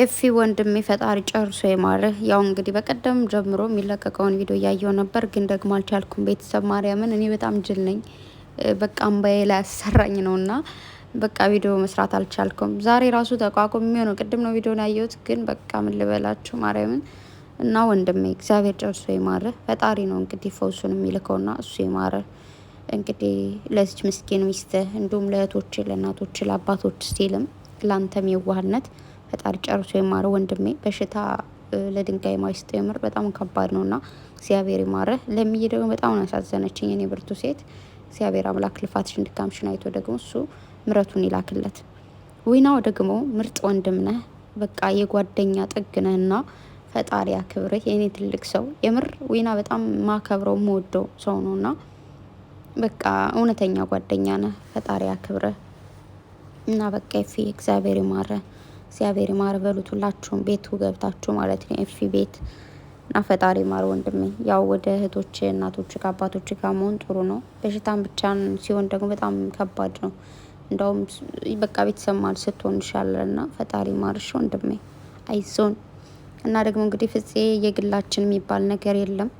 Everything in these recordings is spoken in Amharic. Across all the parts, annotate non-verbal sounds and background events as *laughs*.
ኤፊ ወንድሜ ፈጣሪ ጨርሶ የማርህ። ያው እንግዲህ በቀደም ጀምሮ የሚለቀቀውን ቪዲዮ እያየው ነበር፣ ግን ደግሞ አልቻልኩም። ቤተሰብ ማርያምን እኔ በጣም ጅል ነኝ። በቃ አምባዬ ላይ አሰራኝ ነው እና በቃ ቪዲዮ መስራት አልቻልኩም። ዛሬ ራሱ ተቋቁም የሚሆነው ቅድም ነው ቪዲዮን ያየሁት፣ ግን በቃ ምን ልበላችሁ ማርያምን እና ወንድሜ እግዚአብሔር ጨርሶ የማርህ። ፈጣሪ ነው እንግዲህ ፈውሱን የሚልከውና እሱ የማርህ እንግዲህ ለዚች ምስኪን ሚስትህ እንዲሁም ለእህቶች፣ ለእናቶች፣ ለአባቶች ሲልም ለአንተም የዋህነት ፈጣሪ ጨርሶ የማረው ወንድሜ በሽታ ለድንጋይ ማይስጥ የምር በጣም ከባድ ነው ና እግዚአብሔር ይማረ። ለሚዬ ደግሞ በጣም ያሳዘነችኝ የኔ ብርቱ ሴት እግዚአብሔር አምላክ ልፋትሽን ድካምሽን አይቶ ደግሞ እሱ ምረቱን ይላክለት። ዊናው ደግሞ ምርጥ ወንድም ነህ፣ በቃ የጓደኛ ጥግ ነህ እና ፈጣሪ ያክብርህ የእኔ ትልቅ ሰው። የምር ዊና በጣም ማከብረው የምወደው ሰው ነው ና በቃ እውነተኛ ጓደኛ ነህ፣ ፈጣሪ ያክብርህ እና በቃ ፊ እግዚአብሔር ይማረህ። እግዚአብሔር ማር በሉት ሁላችሁም ቤቱ ገብታችሁ ማለት ነው። ኤፊ ቤት እና ፈጣሪ ማር ወንድሜ። ያው ወደ እህቶች እናቶች ከአባቶች ጋር መሆን ጥሩ ነው። በሽታም ብቻን ሲሆን ደግሞ በጣም ከባድ ነው። እንደውም በቃ ቤተሰብ ማል ስትሆን ይሻላል። እና ፈጣሪ ማርሽ ወንድሜ አይዞን። እና ደግሞ እንግዲህ ፍፄ የግላችን የሚባል ነገር የለም።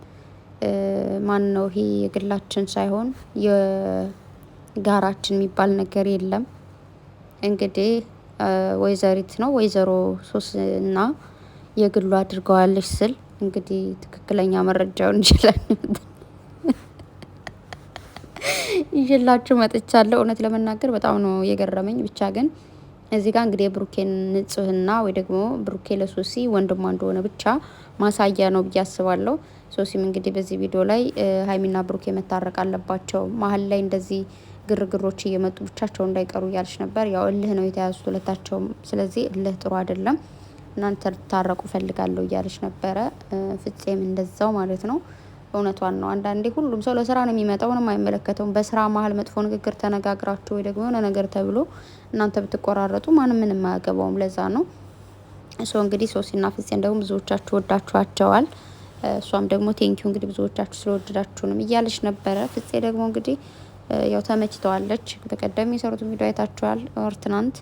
ማን ነው ይሄ የግላችን ሳይሆን የጋራችን የሚባል ነገር የለም እንግዲህ ወይዘሪት ነው ወይዘሮ ሶስና የግሉ አድርገዋለች ስል እንግዲህ ትክክለኛ መረጃው እንችላል ይዤላችሁ መጥቻለሁ። እውነት ለመናገር በጣም ነው የገረመኝ። ብቻ ግን እዚህ ጋር እንግዲህ የብሩኬን ንጽህና ወይ ደግሞ ብሩኬ ለሶሲ ወንድሟ እንደሆነ ብቻ ማሳያ ነው ብዬ አስባለሁ። ሶሲም እንግዲህ በዚህ ቪዲዮ ላይ ሀይሚና ብሩኬ መታረቅ አለባቸው መሀል ላይ እንደዚህ ግርግሮች እየመጡ ብቻቸው እንዳይቀሩ እያለች ነበር። ያው እልህ ነው የተያዙት ሁለታቸውም። ስለዚህ እልህ ጥሩ አይደለም፣ እናንተ ልታረቁ ፈልጋለሁ እያለች ነበረ። ፍጼም እንደዛው ማለት ነው። እውነቷን ነው። አንዳንዴ ሁሉም ሰው ለስራ ነው የሚመጣው፣ ምንም አይመለከተውም። በስራ መሀል መጥፎ ንግግር ተነጋግራችሁ ወይ ደግሞ የሆነ ነገር ተብሎ እናንተ ብትቆራረጡ ማንም ምንም አያገባውም። ለዛ ነው እሱ እንግዲህ ሶሲና ፍፄ እንደውም ብዙዎቻችሁ ወዳችኋቸዋል። እሷም ደግሞ ቴንኪዩ እንግዲህ ብዙዎቻችሁ ስለወደዳችሁንም እያለች ነበረ። ፍጼ ደግሞ እንግዲህ ያው ተመችተዋለች። በቀደም የሰሩት ቪዲዮ አይታችኋል። ወር ትናንት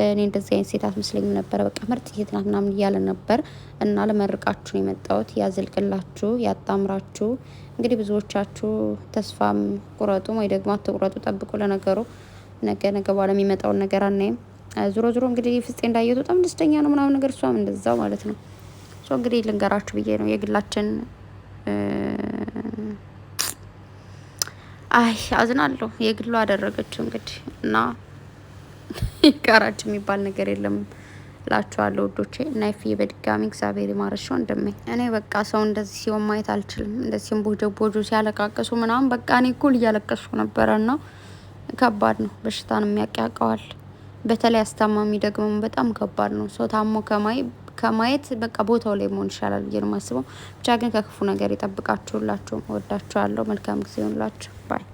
እኔ እንደዚህ አይነት ሴት አትመስለኝም ነበረ፣ በቃ ምርጥ ሴት ናት ምናምን እያለ ነበር እና ለመርቃችሁ ነው የመጣሁት። ያዘልቅላችሁ ያጣምራችሁ። እንግዲህ ብዙዎቻችሁ ተስፋም ቁረጡ ወይ ደግሞ አትቁረጡ፣ ጠብቁ። ለነገሩ ነገ ነገ በኋላ የሚመጣውን ነገር አናይም። ዙሮ ዙሮ እንግዲህ ፍስጤ እንዳየቱ በጣም ደስተኛ ነው ምናምን ነገር እሷም እንደዛው ማለት ነው። እንግዲህ ልንገራችሁ ብዬ ነው የግላችን አይ አዝናለሁ። የግሏ አደረገችው እንግዲህ እና ይቀራች *laughs* የሚባል ነገር የለም እላችኋለሁ ውዶቼ። ይፍ በድጋሚ እግዚአብሔር ይማረሻው እንደመኝ እኔ በቃ ሰው እንደዚህ ሲሆን ማየት አልችልም። እንደዚህም ቦጆ ቦጆ ሲያለቃቅሱ ምናምን በቃ እኔ እኩል እያለቀሱ ነበረ እና ከባድ ነው። በሽታን የሚያቅ በተለይ አስታማሚ ደግሞ በጣም ከባድ ነው። ሰው ታሞ ከማይ ከማየት በቃ ቦታው ላይ መሆን ይሻላል ብዬ ነው የማስበው። ብቻ ግን ከክፉ ነገር ይጠብቃችሁላችሁም። ወዳችኋለሁ። መልካም ጊዜ ይሆንላችሁ ባይ